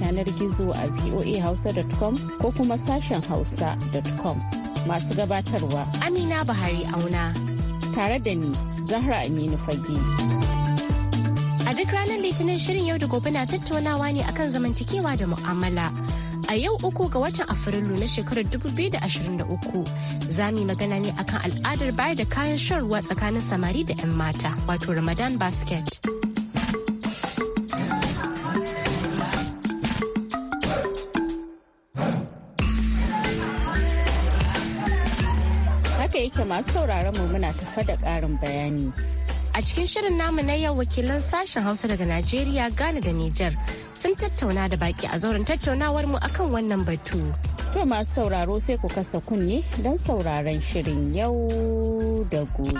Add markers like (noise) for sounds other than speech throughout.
yanar gizo a voahausa.com ko kuma sashen hausa.com. Masu gabatarwa Amina Bahari Auna. Tare da ni, Zahra Aminu Fage. A duk ranar Litinin shirin yau da gobe na tattaunawa ne akan zamantakewa da mu'amala. A yau uku ga watan Afrilu na shekarar 2023 za mu yi magana ne akan al'adar bayar da kayan shan ruwa tsakanin samari da 'yan mata wato Ramadan basket. yake masu sauraron mu muna tafa da ƙarin bayani. A cikin shirin namu na yau wakilan sashen Hausa daga Najeriya, Ghana da Nijar sun tattauna da baki a zauren tattaunawar mu akan wannan batu. To masu sauraro sai ku kasa kunne don sauraron shirin yau da gobe.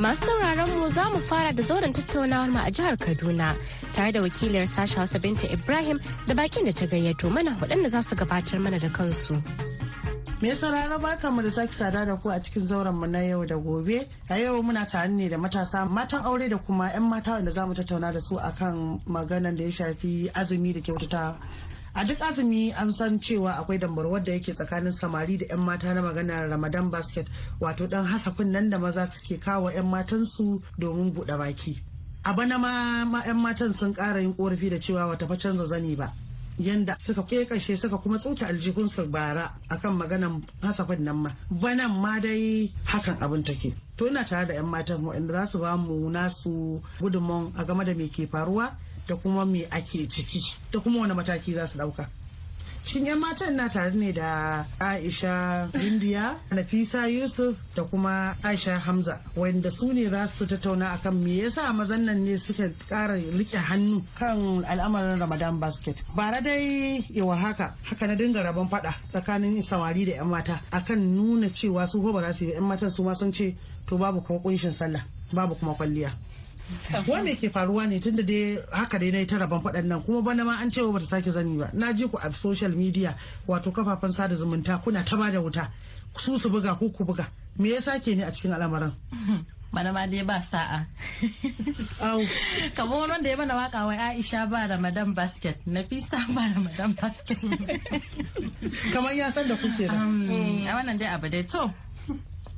Masu sauraron mu za mu fara da zauren tattaunawar mu a jihar Kaduna tare da wakiliyar sashen Hausa Binta Ibrahim da bakin da ta gayyato mana waɗanda za su gabatar mana da kansu. Me sauraro baka mu da sake sada da ku a cikin zauren mu na yau da gobe. A yau muna tare ne da matasa matan aure da kuma 'yan mata wanda mu tattauna da su akan maganar da ya shafi azumi da kyautata a duk azumi an san cewa akwai dambarwar da yake tsakanin samari da 'yan mata na magana ramadan basket wato dan hasafin nan da maza suke kawo 'yan matansu domin buɗe baki a bana ma 'yan matan sun ƙara yin korafi da cewa wata fa canza zani ba yanda suka kekashe suka kuma tsoke aljihunsu bara akan maganan hasafin nan ma banan ma dai hakan abin take to ina tare da 'yan matan waɗanda za su ba mu nasu gudunmawan a game da me ke faruwa da kuma me ake ciki da kuma wani mataki za su dauka cikin 'yan matan na tare ne da aisha indiya nafisa yusuf da kuma aisha hamza wanda su ne za su tattauna akan me yasa mazan nan ne suka kara rike hannu kan al'amarin ramadan basket bara dai iwa haka haka na dinga rabon fada tsakanin samari da 'yan mata akan nuna cewa su ba za su yi 'yan matan su ma sun ce to babu kuma kunshin sallah babu kuma kwalliya Wai me ke faruwa ne tunda dai haka dai na ta rabon faɗan kuma bana ma an ce bata sake zani ba. Na ji ku a social media wato kafafen sada zumunta kuna ta bada wuta. Su su buga ku ku buga. Me ya sake ne a cikin al'amarin? (laughs) bana ma dai ba sa'a. (laughs) Kamar wanda ya mana waka wai Aisha ba Ramadan basket, na fisa ba Ramadan basket. (laughs) Kamar ya san da kuke da. Um, a wannan dai abu dai to.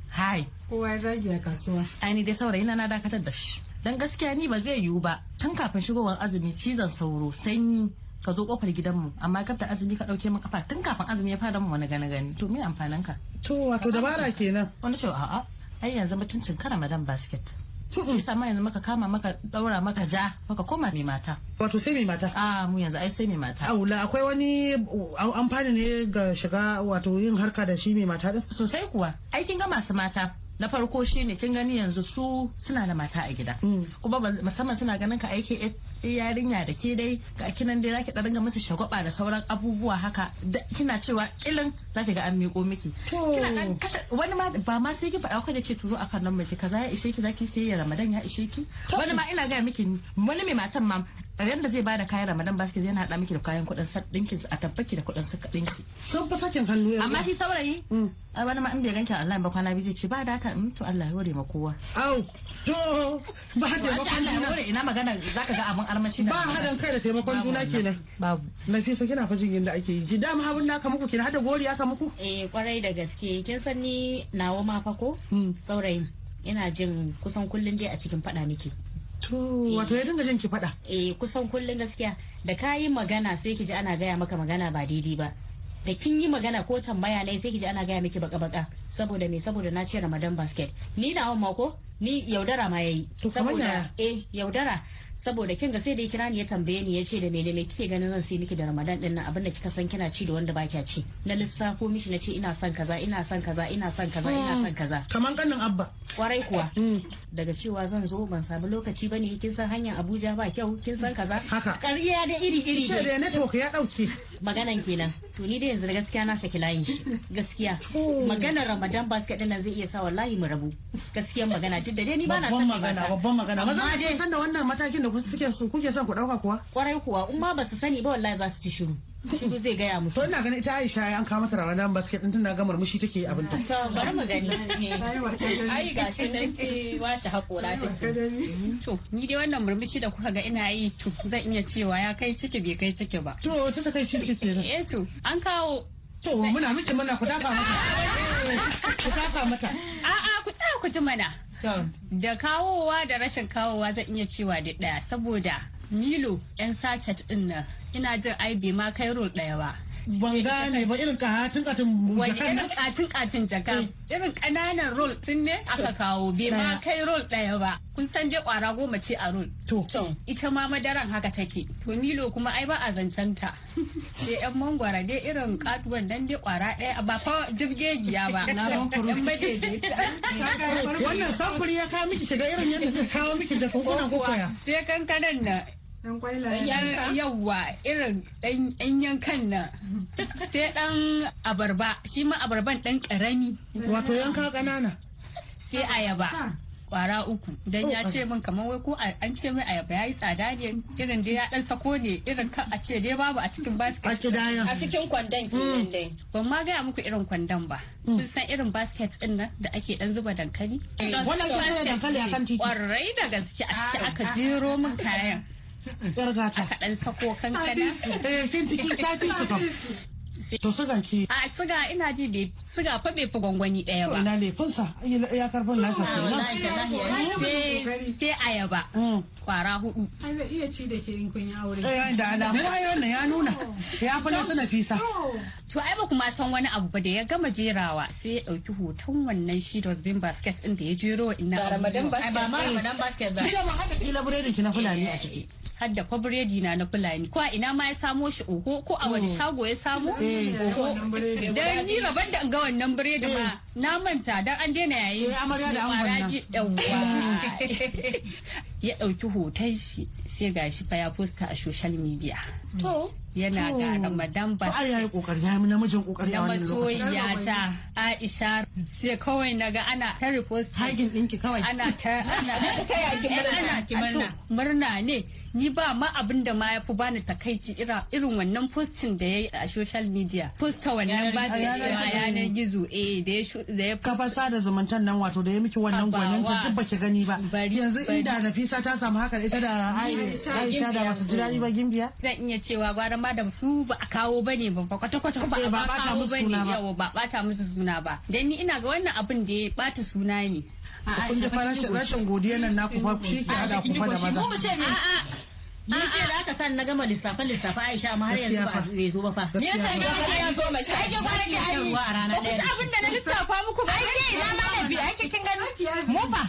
Hai. Kowa ya zagi a kasuwa. Ai ni dai saurayi na na dakatar da shi. don gaskiya ni ba zai yiwu ba tun kafin shigowar azumi cizon sauro sanyi ka zo kofar gidanmu amma kafta azumi ka dauke maka fa tun kafin azumi ya fara mu wani gane gani to me amfanin ka to wato dabara kenan wani to a'a ai yanzu mutuncin kara madan basket yasa ma yanzu maka kama maka daura maka ja maka koma mai mata wato sai mai mata a ah, mu yanzu ai sai mai mata aula akwai wani amfani ne ga shiga wato yin harka da shi mai mata din sosai kuwa aikin ga masu mata na farko shine kin gani yanzu su suna da mata a gida mm. kuma musamman suna ganin ka aiki eh, Eh, yarinya da ke dai ga kinan dai zaki dan ringa musu shagwaba da sauran abubuwa haka kina cewa kilin za ki ga an miƙo miki kina wani ma ba ma sai ki faɗa ku da ce turo akan nan mace kaza ya ishe ki zaki sai ya ramadan ya ishe ki wani ma ina ga miki wani mai matan ma ran da zai bada kayan ramadan basket zai hada miki da kayan kudin dinki a tabbaki da kudin saka dinki sun fi sakin hannu amma shi saurayi mm. wani ma in bai ganki Allah ba kwana biyu ce ba data in mm, to Allah ya hore ma kowa au to ba da ba Allah ya hore ina magana zaka ga abun armashi ba haɗin kai da taimakon juna kenan babu nafisa kina fa jin yadda ake yi ki dama abin da aka muku kina hada gori aka muku eh kwarai da gaske kin san ni nawa ma fa ko hmm. saurayin ina jin kusan kullun dai a cikin fada nake to wato ya dinga jin ki fada. eh kusan kullun gaskiya da kayi magana sai kiji ana gaya maka magana ba daidai ba da kin yi magana ko tambaya ne sai kiji ana gaya miki baka baka saboda me saboda na ce Ramadan basket ni na hawan mako ni yaudara ma yayi saboda eh yaudara saboda kin ga sai dai ya kira ya tambaye ni ya ce da mene kike ganin zan sai miki da Ramadan din nan abinda kika san kina ci da wanda baki ci na lissafo mishi nace ce ina son kaza ina son kaza ina son kaza ina hmm. son kaza kaman kannin abba kwarai kuwa hmm. daga cewa zan zo ban samu lokaci bane kin san hanyar Abuja ba kyau kin san kaza haka ƙarya da iri iri ce da network ya dauke maganan kenan to ni dai yanzu gaskiya na saki layin shi gaskiya maganar ramadan basket din nan zai iya sa wallahi mu rabu gaskiyan magana duk da dai ni na san magana babban magana amma dai san da wannan matakin da kuke so kuke son ku dauka kuwa kwarai kuwa umma ba su sani ba wallahi za su ci shiru shiru zai gaya musu. To ina ganin ita Aisha ya an kawo mata Ramadan basket din tana ga murmushi take abin ta. To bari mu gani. Ai gashi nan sai washe hakora take. To ni dai wannan murmushi da kuka ga ina yi to zan iya cewa ya kai ciki bai kai ciki ba. To ta ta kai ciki kenan. Eh to an kawo To muna miki muna ku dafa mata. Ku dafa mata. A'a ku tsaya ku ji mana. Da kawowa da rashin kawowa zan iya cewa da ɗaya saboda Nilo 'yan sachet ɗin nan ina jin ai bai ma kai rol ɗaya ba ban gane ba irin katin katin jaka irin katin katin jaka eh. irin kananan rol tun ne aka kawo bai ma kai rol daya ba kun san dai kwara goma ce a rol to ita ma madaran haka take to nilo kuma ai ba a zancen ta (laughs) sai yan mangwara dai irin katuwan dan dai kwara daya ba fa jibgejiya ba (laughs) na wannan samfuri ya kawo miki shiga irin yadda zai kawo miki jakun kuna kokoya sai kankanan na yawwa irin ɗan yankan nan sai ɗan abarba shi ma abarban ɗan ƙarami wato yanka ƙanana sai ayaba kwara uku dan ya oh, ce min kamar wai ko an ce mai ayaba yayi tsada ne irin dai ya dan sako ne irin kan a ce dai babu a cikin basket a cikin kwandon kenan dai hmm. ban ma gaya muku irin kwandon ba hmm. kun san irin basket din nan da ake dan zuba dankali eh. wannan kwanan dankali akan titi kwarai da gaske a ciki aka jero min kayan yar gata aka dan sako kankana eh kin ji kin tafi su kam to suga ke a suga ina ji bai suga fa bai fi gwangwani daya ba ina lefin sa ya karfin nasa kenan sai ayaba mm. kwara hudu an iya ci da ke in kun yi aure eh da alamu ai wannan ya nuna ya fi nasu fisa? to ai ba kuma san wani abu ba da ya gama jerawa sai ya dauki hoton wannan shi dustbin basket din da ya jero ina ba ramadan basket ba eh. ramadan basket ba ita ma haka kila burodi ki na fulani a ciki Hadda da biredi na na fulani ko a ina ma ya samo shi oho ko a wani mm. shago ya samo eh. oho dan ni rabar da ga wannan biredi ma eh. na manta dan an daina yayi eh, amarya da an (laughs) ya dauki hoton shi sai gashi fa ya posta a social media to yana ga ramadan ba ai yayi kokari ya yi namijin kokari a wannan lokacin masoyiya ta Aisha sai kawai naga ana ta repost hagin dinki kawai ana ta ana (laughs) ta yaki murna murna ne ni ba ma abin da ma ya fi bani takaici irin wannan postin da ya yi a social media posta wannan ba yanar gizo eh da ya kafa sada zumunta nan wato da ya miki wannan gwanin ta duk baki gani ba yanzu inda Nafisa ta samu haka ita da Aisha da masu ji daɗi ba gimbiya zan iya cewa gwara ma da su ba a kawo bane ba kwata kwata eh, ba a kawo bane yawa ba Ba ta musu suna ba dan ni ina ga wannan abin da ya bata suna ne kun ji rashin godiya nan naku fa shi ke ku fa da maza na gama lissafe lissafe Aisha har yanzu ba zai zo ba fa. Ni ga ka ya zo ake ki ku abin da na lissafa muku ba. ina ma da bi ake kin gani. Mu fa.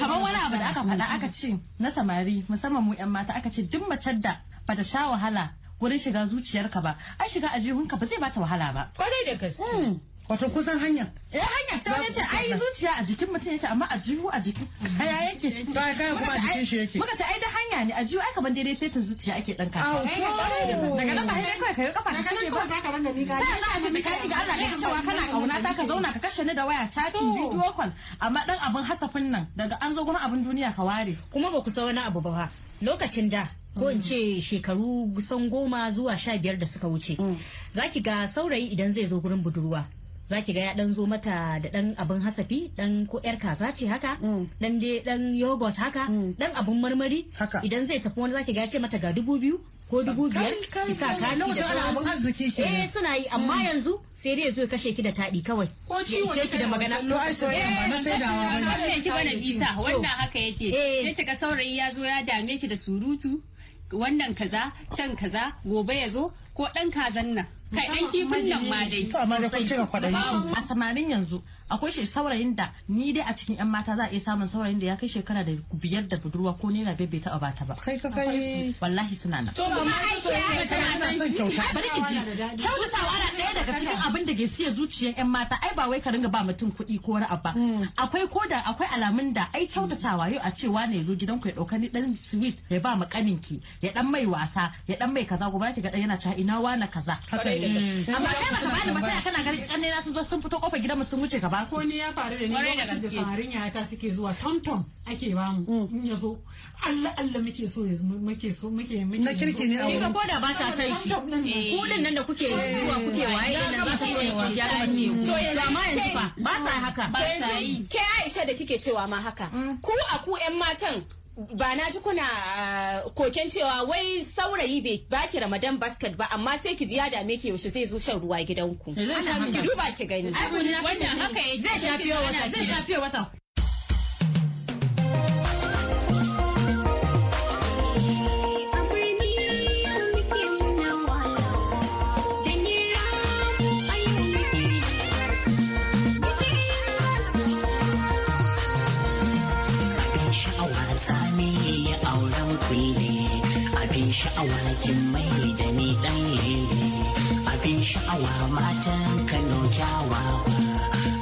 Kamar wani abu da aka faɗa aka ce na samari musamman mu 'yan mata aka ce duk macen da bata sha wahala wurin shiga zuciyarka ba ai shiga a ba zai bata wahala ba. Kwarai da gaske. Hmm. wato kusan hanya eh hanya sai wani ce ai zuciya a jikin mutum yake amma a jihu a jikin kaya yake to ai kai kuma a jikin shi yake muka ce ai da hanya ne a jihu ai kaman daidai sai ta zuciya ake dan kasa daga nan ba sai kai kai kafa ka shige ba ranga mi ka sai a mi gari ga Allah kai cewa kana kauna ta ka zauna ka kashe ni da waya chatting video call amma dan abin hasafin nan daga an zo gurin abin duniya ka ware kuma ba ku sa wani abu ba lokacin da ko in ce shekaru kusan goma zuwa sha biyar da suka wuce mm. zaki ga saurayi idan zai zo gurin budurwa za ki ga ya dan zo mata da dan abin hasafi dan ko yar kaza ce haka mm. dan dai dan yogurt haka mm. dan abin marmari idan zai tafi wani za ki ga ce mata ga dubu biyu ko dubu biyar ki sa kati da ke eh suna yi amma mm. yanzu sai dai zo kashe ki da taɗi kawai ko wani ki da magana to ai soyayya ba na da ba ne eh, ki bana bisa wannan haka yake eh. sai kika saurayi ya zo ya dame ki da surutu wannan kaza can kaza gobe ya zo ko dan kazan nan kai dan kifin nan ma dai to amma da kun cika kwaɗayi a samarin yanzu akwai shi saurayin da ni dai a cikin yan mata za a iya samun saurayin da ya kai shekara da biyar da budurwa ko naira biyar bai taɓa bata ba kai ka kai wallahi suna nan to amma soyayya tana son kyauta bari ki ji kyautatawa ana daga cikin abin da ke siya zuciyar yan mata ai ba wai ka ringa ba mutum kuɗi ko wani abu hmm. akwai ko da akwai alamun da ai kyautatawa yau a cewa ne zo gidanku ya ɗauka ni ɗan sweet ya ba ki ya dan mai wasa ya dan mai kaza gobe ki ga yana cewa ina wa na kaza hmm. amma kana ka bani mata kana ganin ƙannena sun zo sun fito kofar gidanmu sun wuce ka ko ni ya faru da ni lokacin da samarin ta suke zuwa Tom ake ba mu mm. in ya zo Allah Allah muke so ya muke so muke muke na kirki ne a ko da ba ta sai shi eh. kulin nan da kuke eh. zuwa kuke waye da ba ta san shi ya ga ke to yanzu amma yanzu fa ba sa haka ba sa yi ke Aisha da kike cewa ma haka mm. ku a ku ƴan matan ba na ji kuna ah, koken cewa wai saurayi bai baki ramadan basket ba amma sai ki ji ya dame ki yaushe zai zo shan ruwa gidanku eh, ki duba ki gani wannan haka ya zai tafiya wata wata abin sha'awa kin mai da ni dan lele abin sha'awa matan kano kyawawa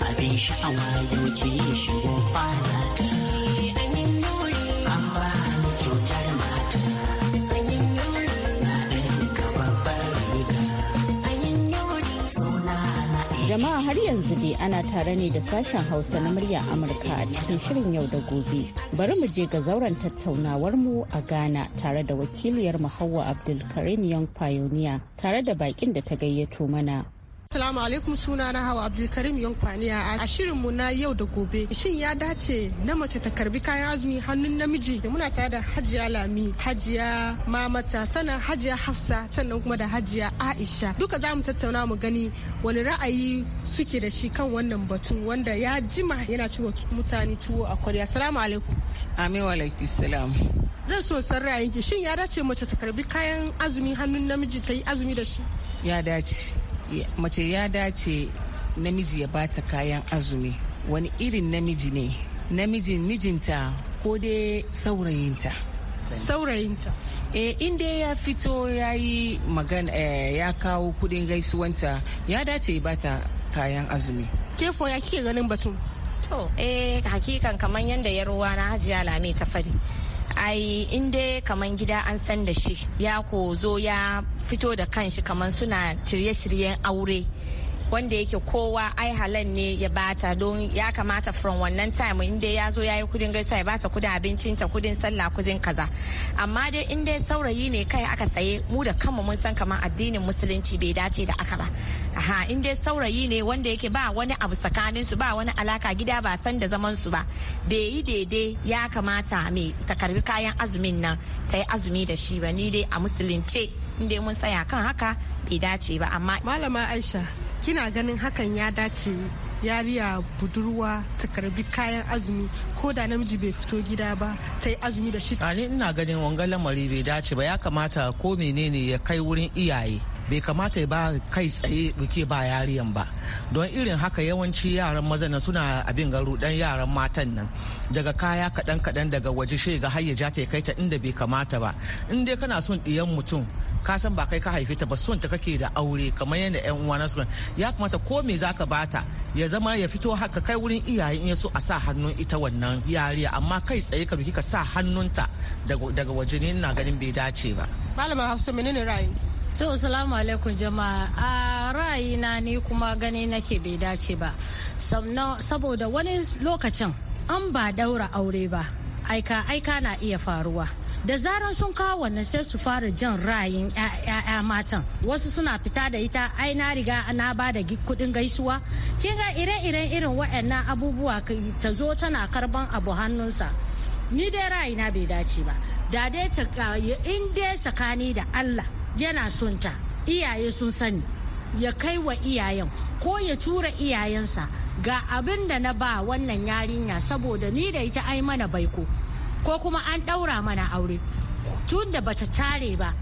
abin sha'awa yau ki shigo fara ta jama'a har yanzu dai ana tare ne da sashen hausa na murya amurka a cikin shirin yau da gobe bari mu je ga zauren tattaunawar mu a ghana tare da wakiliyar mu hawa abdulkarim young pioneer tare da bakin da ta gayyato mana Salamu alaikum suna na hawa Abdulkarim Yankwaniya a shirin mu na yau da gobe. Shin ya dace na mace ta karbi kayan azumi hannun namiji da muna tare da Hajiya Lami, Hajiya Mamata, sanan Hajiya Hafsa, sannan kuma da Hajiya Aisha. Duka za mu tattauna mu gani wani ra'ayi suke da shi kan wannan batu wanda ya jima yana ci mutane tuwo a kwarya. Salamu alaikum. Amin wa salam. Zan so san ra'ayinki shin ya dace mace ta karbi kayan azumi hannun namiji ta yi azumi da shi? Ya dace. mace ya dace namiji ya bata kayan azumi wani irin namiji ne namijin mijinta ko dai saurayinta saurayinta eh inda ya fito ya yi magana eh, ya kawo kudin gaisuwanta ya dace ya bata kayan azumi kefo ya kike ganin batun to eh hakikan kamar yadda ya ruwa na hajiya lami ta fadi ai in dai kaman gida an san da shi ya ko zo ya fito da kanshi kaman suna shirye-shiryen aure wanda yake kowa ai halan ne ya bata don ya kamata from wannan time inda ya zo ya yi kudin gaisuwa ya bata kudin abincin ta kudin sallah kudin kaza amma dai in dai saurayi ne kai aka saye mu da kanmu mun san kamar addinin musulunci bai dace da aka ba aha in dai saurayi ne wanda yake ba wani abu tsakanin su ba wani alaka gida ba san da zaman su ba bai yi daidai ya kamata me ta karbi kayan azumin nan ta yi azumi da shi ba ni dai a musulunce in dai mun tsaya kan haka bai dace ba amma malama aisha kina ganin hakan ya dace yariya budurwa ta karbi kayan azumi ko da namiji bai fito gida ba ta yi azumi da shi. ni ina ganin wanga lamari bai dace ba ya kamata ko menene ya kai wurin iyaye bai kamata ya ba kai tsaye duke ba yariyan ba don irin haka yawanci yaran maza na suna abin garu dan yaran matan nan daga kaya kadan kadan daga waje shi ga hayya ja ta kai ta inda bai kamata ba in dai kana son ɗiyan mutum ka san ba kai ka haife ta ba son ta kake da aure kamar yadda yan uwa na ya kamata ko me zaka bata ya zama ya fito haka kai wurin iyayen ya so a sa hannun ita wannan yariya amma kai tsaye ka ka sa hannunta daga waje ne na ganin bai dace ba malama hafsa menene ra'ayi To, salamu alaikum jama'a. A ra'ayina ni kuma gani nake bai dace ba. Saboda wani lokacin an ba daura aure ba, aika aika na iya faruwa. da zaran sun kawo wannan sai su fara jan ra'ayin 'ya'ya matan wasu suna fita da ita ai na riga na ba da kudin gaisuwa kin ga ire-iren irin waɗannan abubuwa ta zo tana karban abu hannunsa ni dai ra'ayina bai dace ba da dai ta in dai tsakani da Allah yana son ta iyaye sun sani ya kai wa iyayen ko ya tura iyayensa ga abin da na ba wannan yarinya saboda ni da ita ai mana baiko ko kuma an ɗaura mana aure tun da bata tare ba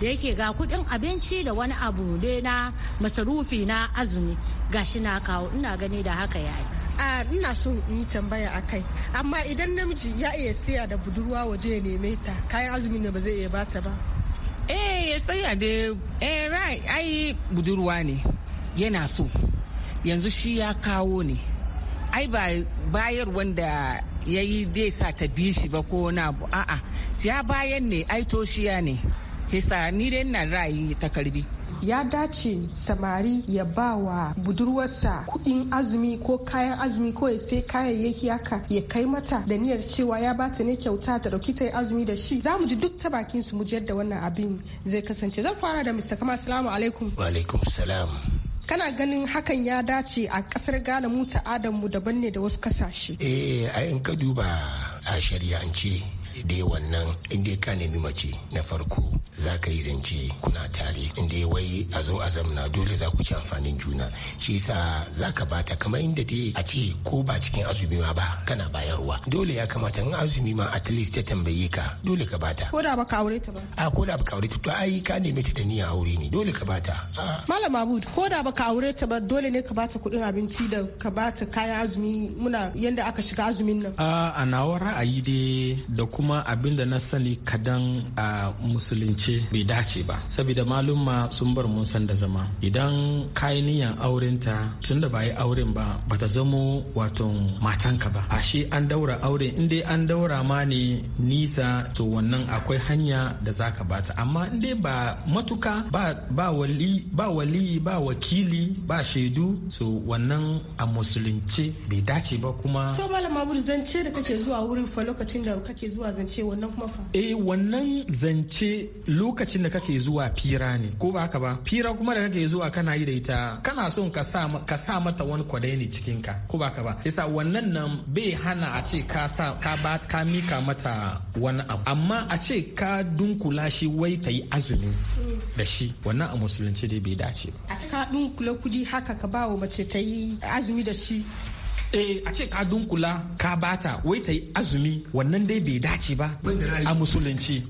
da yake ga kuɗin abinci da wani abu dai na masarufi na azumi gashi na kawo ina gani da haka ya yi ina so in yi tambaya a kai amma idan namiji ya iya siya da budurwa waje ya neme ta kayan azumi ne ba zai iya bata ba eh ya tsaya da eh budurwa ne yana so yanzu shi ya kawo ne ai ba bayar wanda ya yi zai sa ta bi shi ba ko na a'a ya bayan ne ai toshiya ne hisa ni dai na ra'ayi ta karbi ya dace samari ya ba wa budurwarsa kuɗin azumi ko kayan azumi ko ya sai kayayyaki haka ya kai mata da niyyar cewa ya ba ta ne kyauta ta dauki ta yi azumi da shi za mu ji duk ta bakin su mu ji yadda wannan abin zai kasance zan fara da Mista kama assalamu alaikum wa alaikum salam kana ganin hakan ya dace a kasar ghana mu ta mu daban ne da wasu kasashe eh a in ka duba a shari'ance dai wannan in ka nemi mace na farko za ka yi zance kuna tare in ya wai a zo a zamna dole za ku ci amfanin juna shi yasa za ka bata kamar inda dai a ce ko ba cikin azumi ma ba kana bayarwa dole ya kamata in azumi ma at least ta tambaye ka dole ka bata ko da baka aure ta ba a ko da baka aure ta to ai ka nemi ta da niyya aure ne dole ka bata malam abud ko da baka aure ta ba dole ne ka bata kudin abinci da ka bata kayan azumi muna yanda aka shiga azumin nan a nawa ra'ayi dai da ko kuma abin da na sani kadan a musulunce bai dace ba saboda malumma sun bar mun san da zama idan kayan niyan ta tun da ba yi auren ba ba ta zamo wato matanka ba a shi an daura aure in dai an daura ma ne nisa to wannan akwai hanya da zaka bata amma in dai ba matuka ba wali ba wali ba wakili ba shaidu so wannan a musulunci bai dace ba kuma so malama zance da kake zuwa wurin fa lokacin da kake zuwa zance wannan kuma fa eh wannan zance lokacin da kake zuwa fira ne ko ba haka ba fira kuma da kake zuwa kana yi da ita kana son ka sa ka sa mata wani kwadai ne cikin ka ko ba haka ba yasa wannan nan bai hana a ce ka sa ka ba ka mika mata wani abu amma a ce ka dunkula shi wai ta yi azumi da shi wannan a musulunci dai bai dace ba a ka dunkula kudi haka ka ba wa mace ta yi azumi da shi eh a ce ka dunkula ka bata wai ta yi azumi wannan dai bai dace ba a musulunci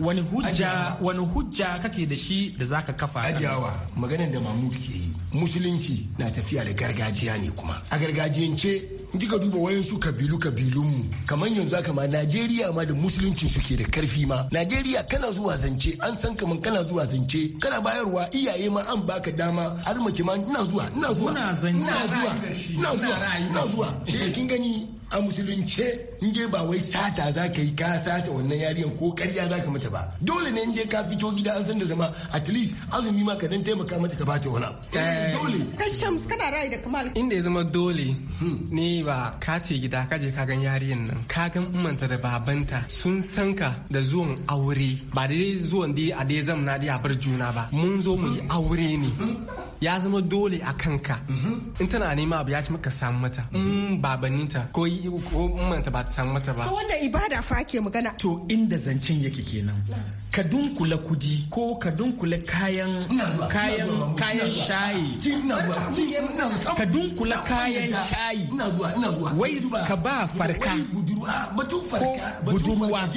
wani hujja wani hujja kake da shi da zaka kafa ajiyawa maganar da mamud ke yi musulunci na tafiya da gargajiya ne kuma a gargajiyance in kika duba wayansu kabilu kabilun mu kamar yanzu haka ma Najeriya ma da musuluncin suke da karfi ma Najeriya kana zuwa zance an san kaman kana zuwa zance kana bayarwa iyaye ma an baka dama har mace ma ina zuwa ina zuwa ina zuwa ina zuwa ina zuwa sai kin gani a musulunce in je ba wai sata za ka yi ka sata wannan yariyan ko karya za ka mata ba dole ne in je ka fito gida an san da zama at least azumi ma ka dan taimaka mata ka bata wani eh. dole shams kana ra'ayi da kamal inda ya zama dole hmm. ne ba ka ce gida ka je ka gan yariyan nan ka gan umanta da babanta sun san ka da zuwan aure ba dai zuwan dai a dai zamna dai a bar juna ba mun zo mu yi aure ne ya zama dole a kanka in tana nema abu ya ci maka samu mata in mm-hmm. mm, babaninta ko manta ba ta samu mata ba wannan ibada fa ke magana to inda zancen yake kenan ka dunkula kudi ko ka dunkula kayan kayan kayan shayi ka dunkula kayan shayi wai ka ba farka ah, ko budurwa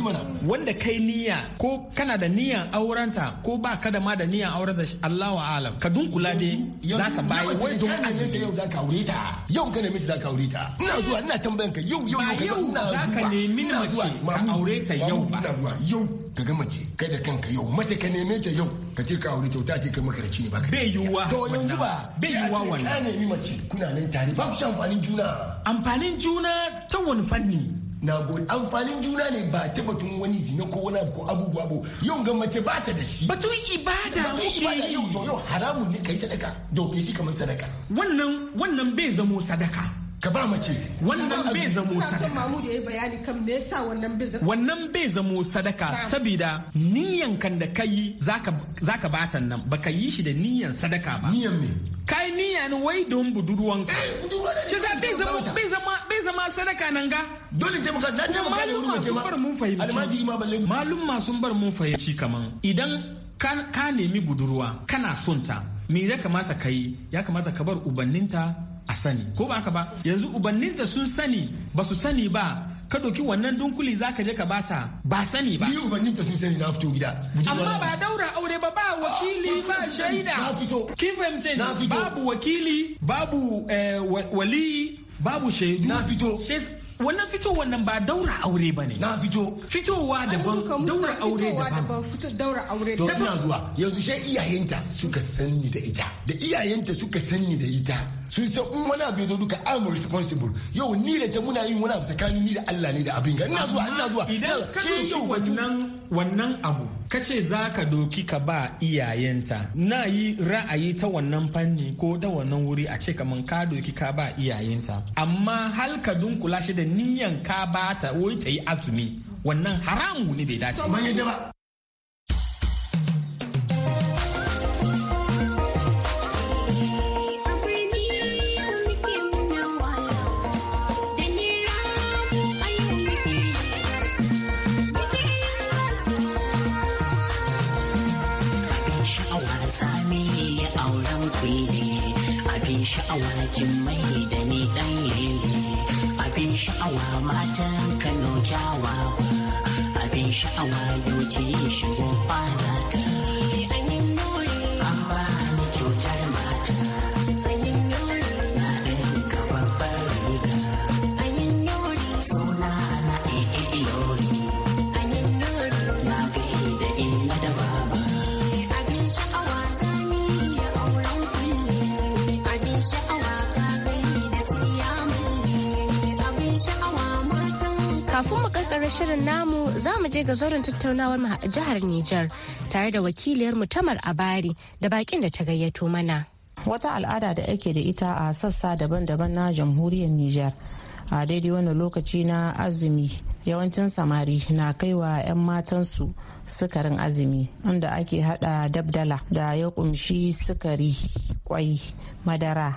wanda kai niyya ko kana da niyyan aurenta ko ba ka da ma da niyyan aurenta Allahu alam ka dunkula dai aure zaka bayi wai don azumi yau zaka aure ta yau ka nemi zaka aure ta ina zuwa ina tambayan ka yau yau ka ina zuwa zaka nemi mace ka aure ta yau ba ina zuwa yau ka ga mace kai da kanka yau mace ka neme ta yau ka ce ka aure ta ta ce kai makarci ne ba ka bai yiwuwa to yanzu ba bai yiwuwa wannan ka nemi mace kuna nan tare ba ku ci amfanin juna amfanin juna ta wani fanni na gode amfanin juna ne ba ta batun wani zina ko wani ko abubuwa ba yau ga mace ba ta da shi batun ibada batun ibada yau to yau haramun ne kai sadaka dauke shi kamar sadaka wannan wannan bai zamo sadaka ka ba mace wannan bai zamo sadaka mamu da yayi bayani kan me yasa wannan bai zamo wannan bai zamo sadaka saboda niyan kan da kai zaka zaka batan nan baka yi shi da niyan sadaka ba niyan me kai niyan wai don budurwanka eh, shi bai zama bai zama zama sadaka nan ga dole je muka dan je ne wurin je ma almaji ma balle malum ma sun bar mun fahimci kaman idan ka nemi budurwa kana son ta me ya kamata ka yi ya kamata ka bar ubanninta a sani ko ba haka ba yanzu ubanninta sun sani ba su sani ba ka doki wannan dunkuli za ka je ka bata ba sani ba. Ni ubannin ta sun sani na fito gida. Amma ba daura aure ba ba wakili ba shaida. Na Kin fahimce ni babu wakili babu eh, wali babu shaidu na fito wannan fito nan ba daura aure ba ne na fito fitowa daban daura aure daban daura aure to ina zuwa yanzu sai iyayenta suka sanni da ita da iyayenta suka sanni da ita sun san in wani abu ya zo duka I'm responsible yau ni da ta muna yin wani abu tsakanin ni da Allah ne da abin ga ina zuwa ina zuwa idan ka yi wannan wannan abu kace zaka ka doki ka ba iyayenta na yi ra'ayi ta wannan fanni ko ta wannan wuri a ce kaman ka doki ka ba iyayenta amma hal ka dunkula shi da niyan ka bata ta wai ta yi azumi wannan haramu ne bai dace ba sha'awa kin mai da ni dan lele abin sha'awa matan Kano kyawawa abin sha'awa yau ki shigo fara ta shirin namu za mu je ga zauren tattaunawar jihar Nijar tare da wakiliyar mutamar Abari da bakin da ta gayyato mana. Wata al'ada da ake da ita a sassa daban-daban na jamhuriyar Nijar a daidai wani lokaci na azumi yawancin samari na kaiwa 'yan matansu sukarin azumi inda ake hada dabdala da ya kumshi sukari kwai madara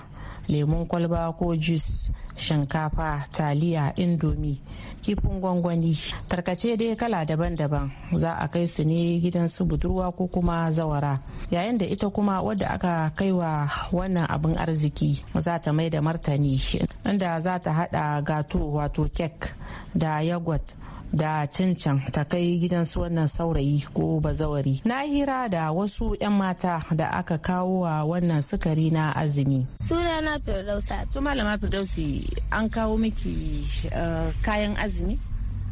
lemun kwalba ko jus shinkafa taliya indomi kifin gwangwani tarkace dai kala daban-daban za a kai su ne gidan su budurwa ko kuma zawara yayin da ita kuma wadda aka kaiwa wannan abin arziki za ta mai da martani inda za ta hada gato wato kek da yagwat da cancan ta kai gidan su wannan saurayi ko bazawari na hira da wasu 'yan mata da aka kawo wa wannan sukari na azumi Suna na firdausa to malama firdausi an kawo miki eh, kayan azumi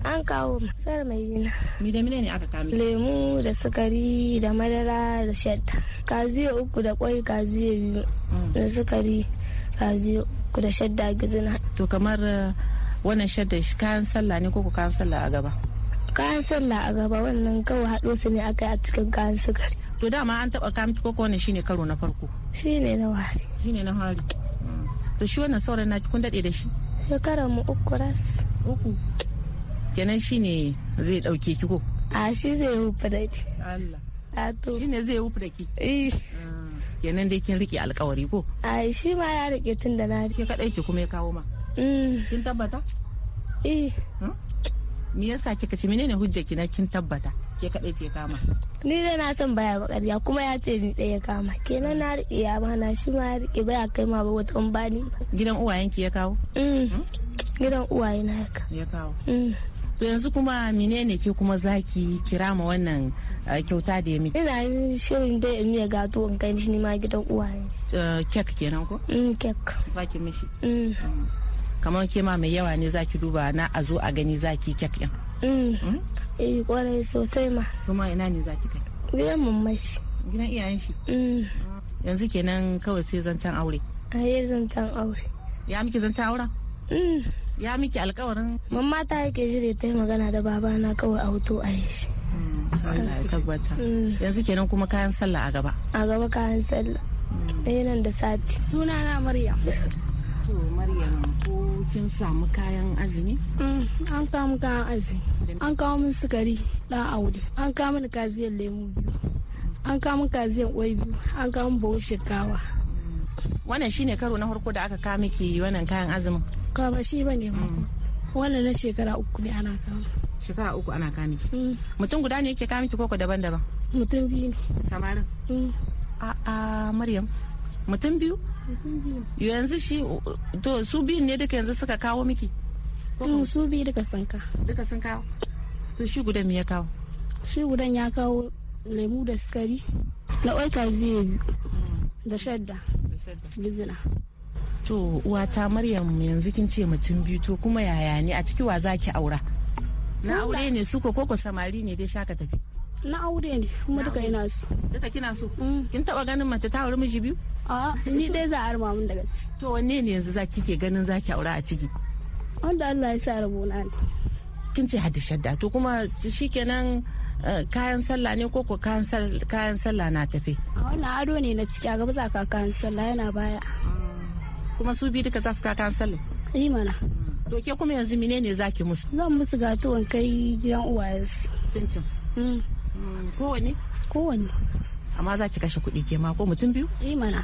an kawo sar mai yi na. da ne aka kawo lemu da sukari da madara da shadda kaziya uku da kwai kaziya biyu mm. da sukari kaziya uku da shadda gizina to kamar eh, wannan shadda kayan sallah ne koko kayan sallah a gaba kayan sallah a gaba wannan kawai haɗo su ne aka a cikin kayan sukari to dama an taɓa kayan ko wannan shine karo na farko shine na wari shine na wari to shi wannan sauran na kun daɗe da shi shekarar mu uku ras uku kenan shine zai ɗauke ki ko a shi zai hufa da ki Allah a to shine zai hufa da ki eh. kenan dai kin rike alƙawari ko a shi ma ya rike tun da na rike kadai ce kuma ya kawo ma Eh. kin tabbata eh hmm? me yasa kika ce menene hujjar ki na kin tabbata ke kadai ce kama ni dai na san baya bakariya kuma ya ce ni ɗaya kama kenan na riƙe ya bana shi ma ya riƙe baya kai ma ba wata bani gidan uwayen ki ya kawo eh. hmm? gidan uwaye na ya kawo eh. to yanzu kuma menene ke kuma zaki kira ma wannan kyauta da ya miki ina yin shirin da ya miya gato in kai shi ma gidan uwaye kek kenan ko mm, kek zaki mishi mm. hmm. kamar ke ma mai yawa ne zaki duba na a zo a gani zaki kyak ɗin. Mm. Mm? eh kwarai sosai ma kuma ina ne zaki kai gidan mamman shi gidan iyayen shi mm. yanzu kenan kawai sai zancen aure a yi zancen aure ya miki zancen auren ya miki alkawarin mamma ta yake shirya ta yi magana da babana kawai a hoto a yi shi tabbata yanzu kenan kuma kayan sallah a gaba a gaba kayan sallah ɗaya da sati sunana maryam to maryam ko kin samu kayan azumi? Mm, an kawo kayan azumi. An kawo min sukari ɗan aure. An kawo min kaziyar lemu biyu. An kawo min kaziyar ƙwai biyu. An kawo min bawo shikawa. Wannan shi ne karo na farko da aka kawo miki wannan kayan azumin. Ka ba shi bane ba. Mm. Wannan na shekara uku ne ana kawo. Shekara uku ana kawo miki. Mm. Mutum guda ne yake kawo miki koko daban-daban. Mutum biyu ne. Samarin. A'a Maryam. Mutum biyu? yanzu shi to su biyun ne duka yanzu suka kawo miki su biyu duka sun ka duka sun kawo to shi gudan me ya kawo shi gudan ya kawo lemu da sukari na oika zai da shadda gizina to uwata maryam yanzu kin ce mutum biyu to kuma yaya ne a ciki wa za ki aura na aure ne su ko koko samari ne dai shaka tafi na aure ne kuma duka yana su duka kina so mm. kin taba ganin mace ta aure miji biyu a ni dai za a arma mun daga ciki to wanne ne yanzu za kike ganin za ki aura a ciki wanda Allah ya sa rabu na ne kin ce hadda shadda to kuma shikenan eh, kayan sallah ne ko ko kayan sallah na tafi a wannan ado ne na ciki a gaba za ka kayan sallah yana baya kuma su biyu duka za su kayan sallah yi eh, mana to ke kuma yanzu za zaki musu zan musu tuwon kai gidan uwa uwayensu cincin mm. Mm, kowanne kowanne amma za ki kashe kuɗi ke ma ko mutum biyu? Ni eh mana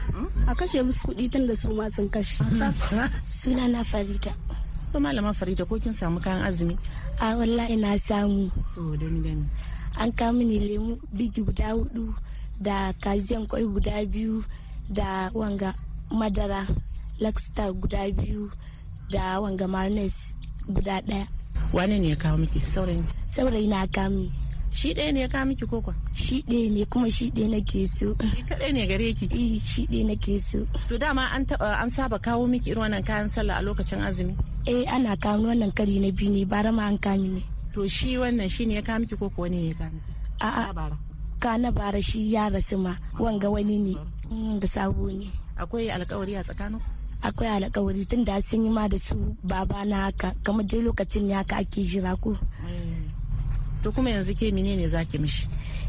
a kashe musu kuɗi tun da su ma sun kashe. Suna na Farida. Ko malama Farida ko kin samu kayan azumi? A wallahi na samu. To dani dani. An kawo ni lemu bigi guda hudu da kaziyan kwai guda biyu da wanga madara lakista guda biyu da wanga mayonnaise guda daya. Wane ne ya kawo miki saurayi? Saurayi na kawo shi ɗaya ne ya kawo miki koko shi ɗaya ne kuma shi ɗaya ke so shi kaɗai ne gare ki eh shi ɗaya ke so to dama an taba an saba kawo miki irin wannan kayan sallah a lokacin azumi eh ana kawo wannan kari na biyu ne bara ma an kami ne to shi wannan shi ne ya kawo miki koko wani ne ya kawo a'a ka na bara shi ya rasu ma wanga wani ne mm, da sabo ne akwai alkawari a tsakanin akwai alkawari tun da sun yi ma da su baba na haka kamar dai lokacin ne haka ake jira ko eh. to kuma yanzu ke menene zaki mishi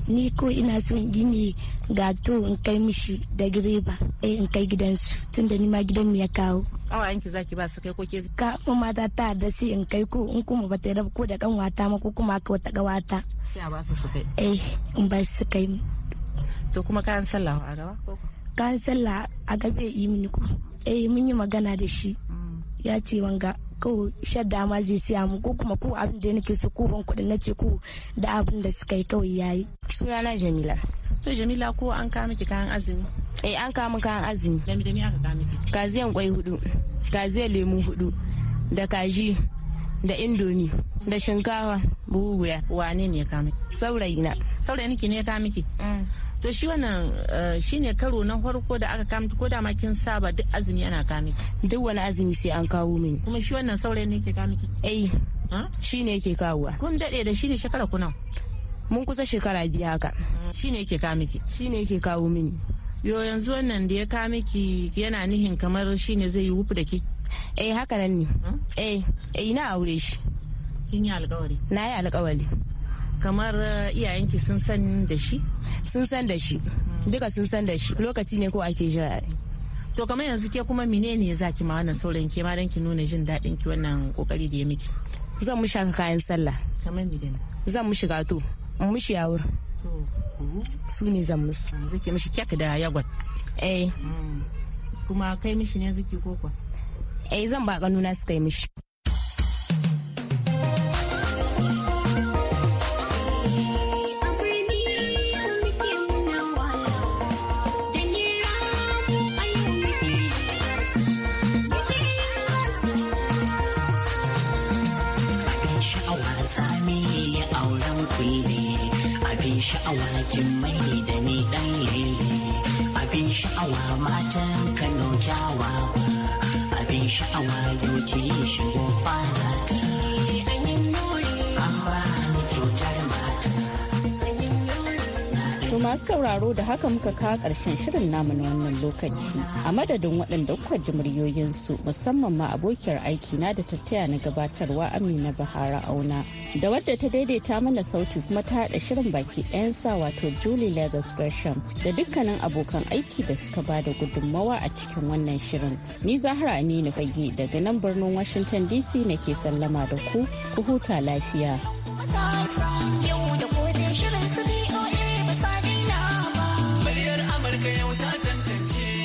ni ko ina son gini gato in kai mishi da direba eh in kai gidansu tunda ni ma gidan ya kawo awa yanki zaki ba su kai ko ke ka kuma ta ta da sai in kai ko in kuma ba ta rabu ko da kan wata ma ko kuma ka wata gawata sai a ba su su kai eh in ba su kai to kuma kayan sallah a gaba ko kayan sallah a gabe yi mini ko eh mun yi magana da shi mm. ya ce wanga ko shadda ma zai siya mu ko kuma ko abin da nake so ko ban kuɗin ce ko da abin da suka yi kawai yayi na Jamila to Jamila ko an kawo miki kayan azumi eh an kawo miki kayan azumi da me aka kawo miki kaziyan kwai hudu kaziyan lemu hudu da kaji da indomi da shinkafa buhu guda wane ne ya kawo miki saurayi na saurayi niki ne ya kawo miki mm. to shi wannan eh, shine karo na farko da aka kama ko da ma kin saba duk azumi ana kama duk wani azumi sai an kawo mini kuma shi wannan saurayin ne ke kama ki eh ne yake kawuwa. kun dade da shi ne shekara kuna mun kusa shekara biyu haka hmm, ne yake kawo shi ne yake kawo mini yo yanzu wannan da ya kawo miki yana nihin kamar shi ne zai yi wufu da ke eh haka nan ne hmm? eh ina eh, aure shi kin yi alkawari na yi alkawari kamar eh, iyayenki sun san da shi sun san da shi hmm. duka sun san da shi lokaci ne ko ake jira to kamar yanzu ke kuma mine ne za ki ma wannan sauran ke ma dan ki nuna jin daɗin ki wannan kokari da ya miki zan mushi haka kayan sallah kamar menene zan mushi gato in mushi yawur su ne zan musu zaki mushi kek da yagwa eh hmm. kuma kai mishi ne zaki ko kwa eh zan ba kanuna suka yi mishi kulle abin sha'awa kin mai da ni dan lele abin sha'awa matan Kano kyawawa abin sha'awa yau ki shigo fara ta masu sauraro da haka muka kawo ƙarshen shirin namu na wannan lokaci. A madadin waɗanda kuka ji muryoyinsu musamman ma abokiyar aiki na da tattaya na gabatarwa Amina Bahara Auna. Da wadda ta daidaita mana sauti kuma ta haɗa shirin baki ɗayan sa wato Julie Lagos Gresham da dukkanin abokan aiki da suka ba da gudummawa a cikin wannan shirin. Ni Zahra Aminu Fage daga nan birnin Washington DC nake sallama da ku, ku huta lafiya. man.